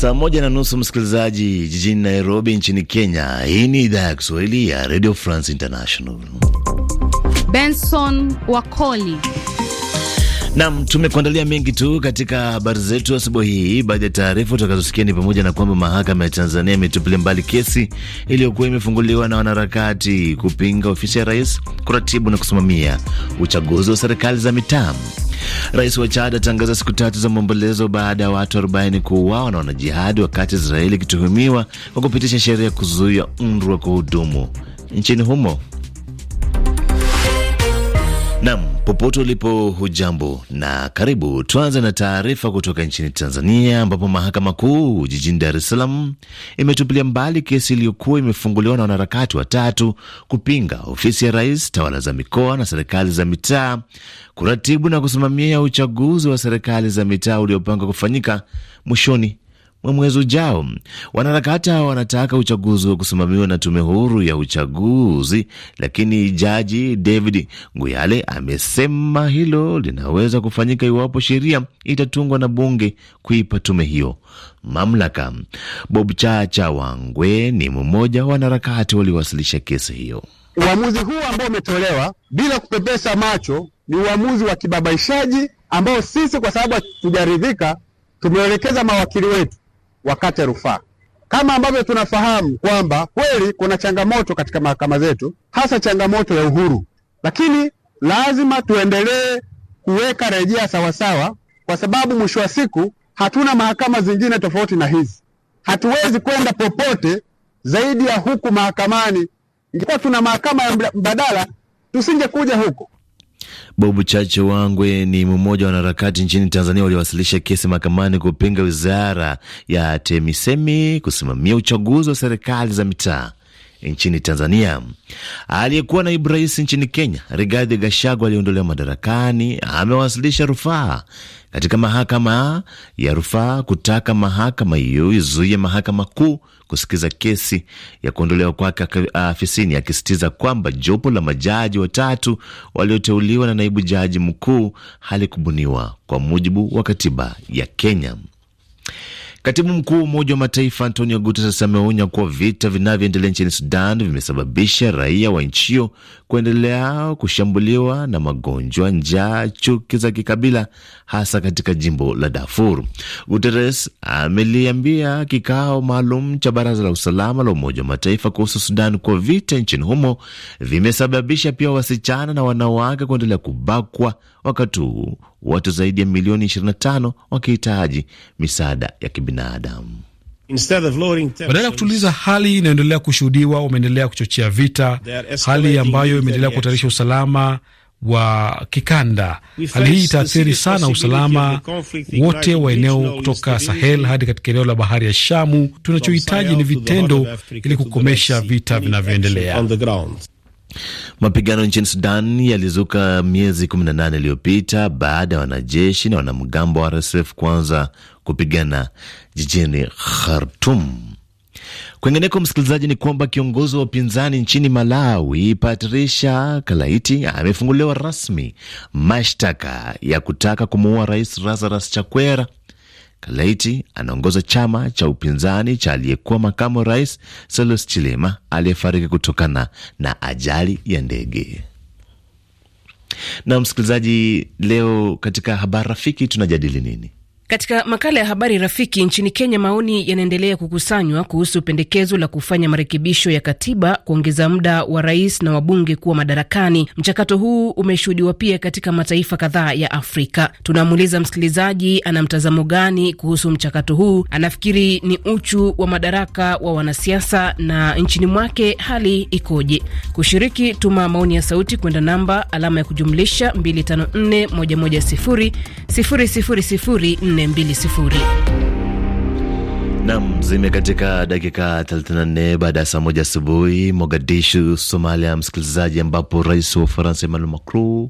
Saa moja na nusu msikilizaji, jijini Nairobi nchini Kenya. Hii ni idhaa ya Kiswahili ya Radio France International. Benson Wakoli Nam, tumekuandalia mengi tu katika habari zetu asubuhi hii. Baadhi ya taarifa utakazosikia ni pamoja na kwamba mahakama ya Tanzania imetupilia mbali kesi iliyokuwa imefunguliwa na wanaharakati kupinga ofisi ya rais kuratibu na kusimamia uchaguzi wa serikali za mitaa. Rais wa Chad atangaza siku tatu za maombolezo baada ya watu 40 kuuawa na wanajihadi, wakati Israeli ikituhumiwa kwa kupitisha sheria ya kuzuia UNRWA kuhudumu nchini humo. Nam, popote ulipo, hujambo na karibu. Tuanze na taarifa kutoka nchini Tanzania, ambapo mahakama kuu jijini Dar es Salaam imetupilia mbali kesi iliyokuwa imefunguliwa na wanaharakati watatu kupinga ofisi ya rais, tawala za mikoa na serikali za mitaa kuratibu na kusimamia uchaguzi wa serikali za mitaa uliopangwa kufanyika mwishoni mwa mwezi ujao. Wanaharakati hao wanataka uchaguzi wa kusimamiwa na tume huru ya uchaguzi, lakini jaji David Nguyale amesema hilo linaweza kufanyika iwapo sheria itatungwa na bunge kuipa tume hiyo mamlaka. Bob Chacha Wangwe ni mmoja wa wanaharakati waliowasilisha kesi hiyo. Uamuzi huu ambao umetolewa bila kupepesa macho ni uamuzi wa kibabaishaji ambao sisi, kwa sababu hatujaridhika, tumeelekeza mawakili wetu wakate rufaa, kama ambavyo tunafahamu kwamba kweli kuna changamoto katika mahakama zetu, hasa changamoto ya uhuru, lakini lazima tuendelee kuweka rejea sawasawa, kwa sababu mwisho wa siku hatuna mahakama zingine tofauti na hizi. Hatuwezi kwenda popote zaidi ya huku mahakamani. Ingekuwa tuna mahakama ya mbadala, tusingekuja huku bobu Chache Wangwe ni mmoja wa wanaharakati nchini Tanzania waliowasilisha kesi mahakamani kupinga wizara ya temisemi kusimamia uchaguzi wa serikali za mitaa nchini Tanzania. Aliyekuwa naibu rais nchini Kenya, Rigathi Gachagua, aliyeondolewa madarakani, amewasilisha rufaa katika mahakama ya rufaa kutaka mahakama hiyo izuie mahakama kuu kusikiza kesi ya kuondolewa kwake ah, afisini, akisisitiza kwamba jopo la majaji watatu walioteuliwa na naibu jaji mkuu halikubuniwa kwa mujibu wa katiba ya Kenya. Katibu mkuu wa Umoja wa Mataifa Antonio Guterres ameonya kuwa vita vinavyoendelea nchini Sudan vimesababisha raia wa nchi hiyo kuendelea kushambuliwa na magonjwa, njaa, chuki za kikabila, hasa katika jimbo la Darfur. Guterres ameliambia kikao maalum cha Baraza la Usalama la Umoja wa Mataifa kuhusu Sudan kuwa vita nchini humo vimesababisha pia wasichana na wanawake kuendelea kubakwa wakati huu watu zaidi ya milioni 25 wakihitaji misaada ya kibinadamu. Badala ya kutuliza hali inayoendelea kushuhudiwa, wameendelea kuchochea vita, hali ambayo imeendelea kuhatarisha usalama wa kikanda. Hali hii itaathiri sana usalama wote wa eneo kutoka Sahel hadi katika eneo la bahari ya Shamu. Tunachohitaji ni vitendo ili kukomesha vita vinavyoendelea. Mapigano nchini Sudan yalizuka miezi 18 iliyopita baada ya wanajeshi na wanamgambo wa RSF kuanza kupigana jijini Khartum. Kwingineko msikilizaji, ni kwamba kiongozi wa upinzani nchini Malawi, Patricia Kalaiti, amefunguliwa rasmi mashtaka ya kutaka kumuua Rais Lazarus Chakwera Kalaiti anaongoza chama cha upinzani cha aliyekuwa makamu rais Salus Chilima aliyefariki kutokana na ajali ya ndege. Na msikilizaji, leo katika habari rafiki tunajadili nini? Katika makala ya habari rafiki, nchini Kenya, maoni yanaendelea kukusanywa kuhusu pendekezo la kufanya marekebisho ya katiba kuongeza muda wa rais na wabunge kuwa madarakani. Mchakato huu umeshuhudiwa pia katika mataifa kadhaa ya Afrika. Tunamuuliza msikilizaji ana mtazamo gani kuhusu mchakato huu, anafikiri ni uchu wa madaraka wa wanasiasa na nchini mwake hali ikoje? Kushiriki, tuma maoni ya sauti kwenda namba alama ya kujumlisha 254 110 000 420. Nam katika dakika 34 baada ya saa moja asubuhi Mogadishu, Somalia, msikilizaji, ambapo rais wa Ufaransa Emmanuel Macron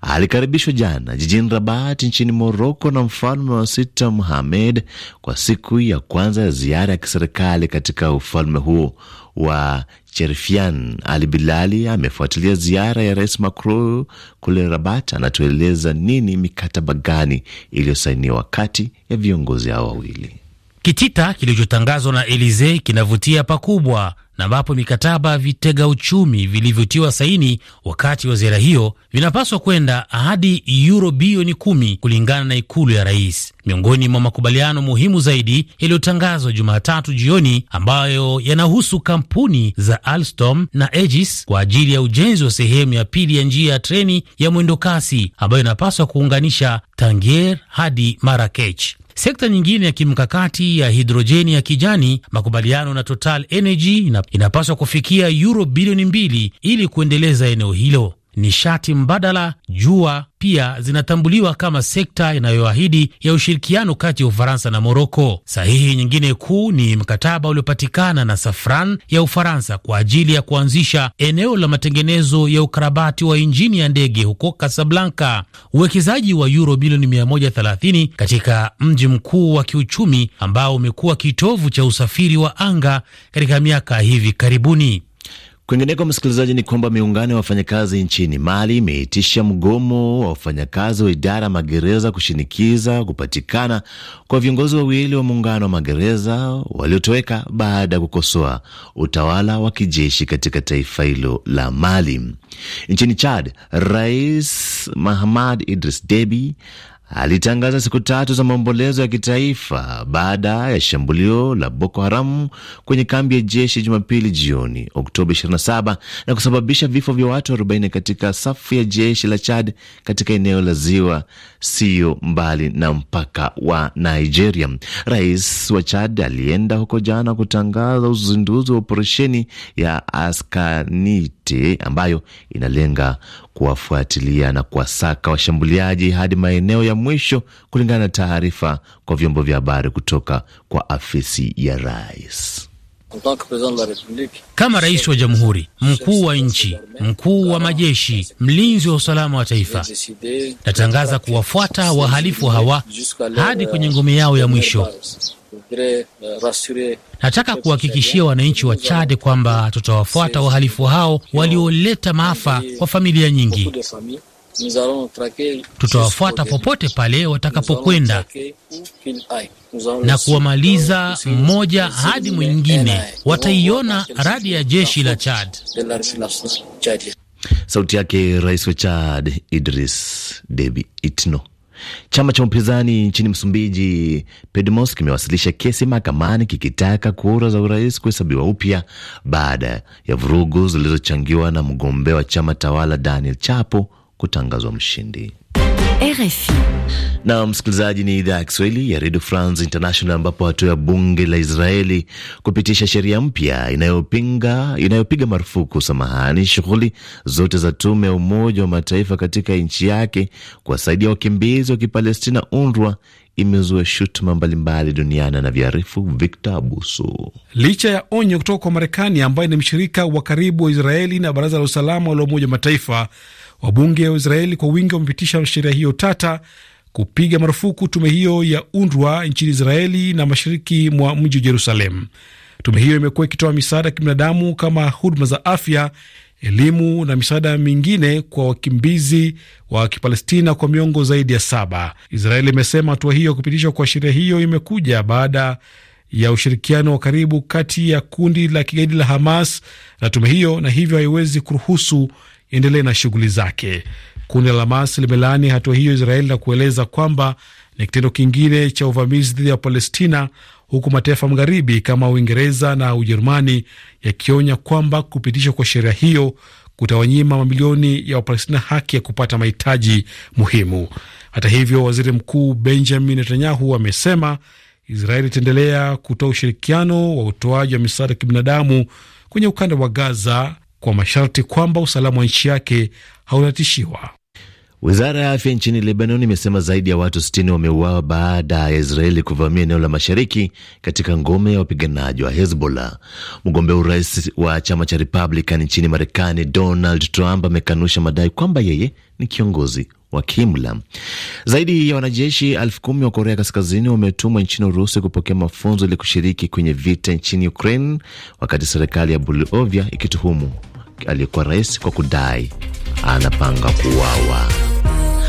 alikaribishwa jana jijini Rabat nchini Moroko na mfalme wa sita muhamed kwa siku ya kwanza ya ziara ya kiserikali katika ufalme huo wa Cherifian. Ali Bilali amefuatilia ziara ya rais Macron kule Rabat, anatueleza nini mikataba gani iliyosainiwa kati ya viongozi hao wawili. Kitita kilichotangazwa na Elisee kinavutia pakubwa na ambapo mikataba vitega uchumi vilivyotiwa saini wakati wa ziara hiyo vinapaswa kwenda hadi yuro bilioni kumi kulingana na ikulu ya rais. Miongoni mwa makubaliano muhimu zaidi yaliyotangazwa Jumatatu jioni ambayo yanahusu kampuni za Alstom na egis kwa ajili ya ujenzi wa sehemu ya pili ya njia ya treni ya mwendokasi ambayo inapaswa kuunganisha Tangier hadi Marakech. Sekta nyingine ya kimkakati ya hidrojeni ya kijani, makubaliano na Total Energy inapaswa kufikia euro bilioni mbili ili kuendeleza eneo hilo nishati mbadala, jua pia zinatambuliwa kama sekta inayoahidi ya ushirikiano kati ya Ufaransa na Moroko. Sahihi nyingine kuu ni mkataba uliopatikana na Safran ya Ufaransa kwa ajili ya kuanzisha eneo la matengenezo ya ukarabati wa injini ya ndege huko Kasablanka. Uwekezaji wa yuro bilioni 130 katika mji mkuu wa kiuchumi ambao umekuwa kitovu cha usafiri wa anga katika miaka hivi karibuni. Kwingineko, msikilizaji, ni kwamba miungano ya wafanyakazi nchini Mali imeitisha mgomo wa wafanyakazi wa idara ya magereza kushinikiza kupatikana kwa viongozi wawili wa muungano wa magereza waliotoweka baada ya kukosoa utawala wa kijeshi katika taifa hilo la Mali. Nchini Chad, Rais Mahamad Idris Deby alitangaza siku tatu za maombolezo ya kitaifa baada ya shambulio la Boko Haram kwenye kambi ya jeshi Jumapili jioni Oktoba 27 na kusababisha vifo vya watu 40 katika safu ya jeshi la Chad katika eneo la ziwa sio mbali na mpaka wa Nigeria. Rais wa Chad alienda huko jana kutangaza uzinduzi wa operesheni ya Askanite ambayo inalenga kuwafuatilia na kuwasaka washambuliaji hadi maeneo ya mwisho, kulingana na taarifa kwa vyombo vya habari kutoka kwa afisi ya rais. Kama rais wa jamhuri, mkuu wa nchi, mkuu wa majeshi, mlinzi wa usalama wa taifa, natangaza kuwafuata wahalifu hawa hadi kwenye ngome yao ya mwisho. Nataka kuhakikishia wananchi wa Chade kwamba tutawafuata wahalifu hao walioleta maafa kwa familia nyingi tutawafuata popote pale watakapokwenda na kuwamaliza mmoja hadi mwingine. Wataiona radi ya jeshi la Chad. Sauti yake rais wa Chad Idris Debi Itno. Chama cha upinzani nchini Msumbiji PEDMOS, kimewasilisha kesi mahakamani kikitaka kura za urais kuhesabiwa upya baada ya vurugu zilizochangiwa na mgombea wa chama tawala Daniel Chapo kutangazwa mshindi. RFI. Na msikilizaji, ni idhaa ya Kiswahili ya Radio France International, ambapo hatua ya bunge la Israeli kupitisha sheria mpya inayopinga inayopiga marufuku samahani, shughuli zote za tume ya Umoja wa Mataifa katika nchi yake kuwasaidia wakimbizi wa Kipalestina, UNRWA imezua shutuma mbalimbali duniani, anavyoarifu Victor abusu Licha ya onyo kutoka kwa Marekani ambayo ni mshirika wa karibu wa Israeli na Baraza la Usalama la Umoja wa Mataifa Wabunge wa Israeli kwa wingi wamepitisha sheria hiyo tata kupiga marufuku tume hiyo ya UNRWA nchini Israeli na mashariki mwa mji wa Jerusalem. Tume hiyo imekuwa ikitoa misaada ya kibinadamu kama huduma za afya, elimu na misaada mingine kwa wakimbizi wa Kipalestina kwa miongo zaidi ya saba. Israeli imesema hatua hiyo kupitishwa kwa sheria hiyo imekuja baada ya ushirikiano wa karibu kati ya kundi la kigaidi la Hamas na tume hiyo, na hivyo haiwezi kuruhusu iendelee na shughuli zake. Kundi la Hamas limelaani hatua hiyo Israeli na kueleza kwamba ni kitendo kingine cha uvamizi dhidi ya Palestina, huku mataifa magharibi kama Uingereza na Ujerumani yakionya kwamba kupitishwa kwa sheria hiyo kutawanyima mamilioni ya Wapalestina haki ya kupata mahitaji muhimu. Hata hivyo, waziri mkuu Benjamin Netanyahu amesema Israeli itaendelea kutoa ushirikiano wa utoaji wa misaada ya kibinadamu kwenye ukanda wa Gaza kwa masharti kwamba usalama wa nchi yake haunatishiwa Wizara ya afya nchini Lebanon imesema zaidi ya watu 60 wameuawa baada ya Israeli kuvamia eneo la mashariki katika ngome ya wapiganaji wa Hezbollah. Mgombea urais wa chama cha Republican nchini Marekani, Donald Trump amekanusha madai kwamba yeye ni kiongozi wa kimla. Zaidi ya wanajeshi elfu kumi wa Korea Kaskazini wametumwa nchini Urusi kupokea mafunzo ili kushiriki kwenye vita nchini Ukraine, wakati serikali ya Bolovia ikituhumu aliyekuwa rais kwa kudai anapanga kuuawa.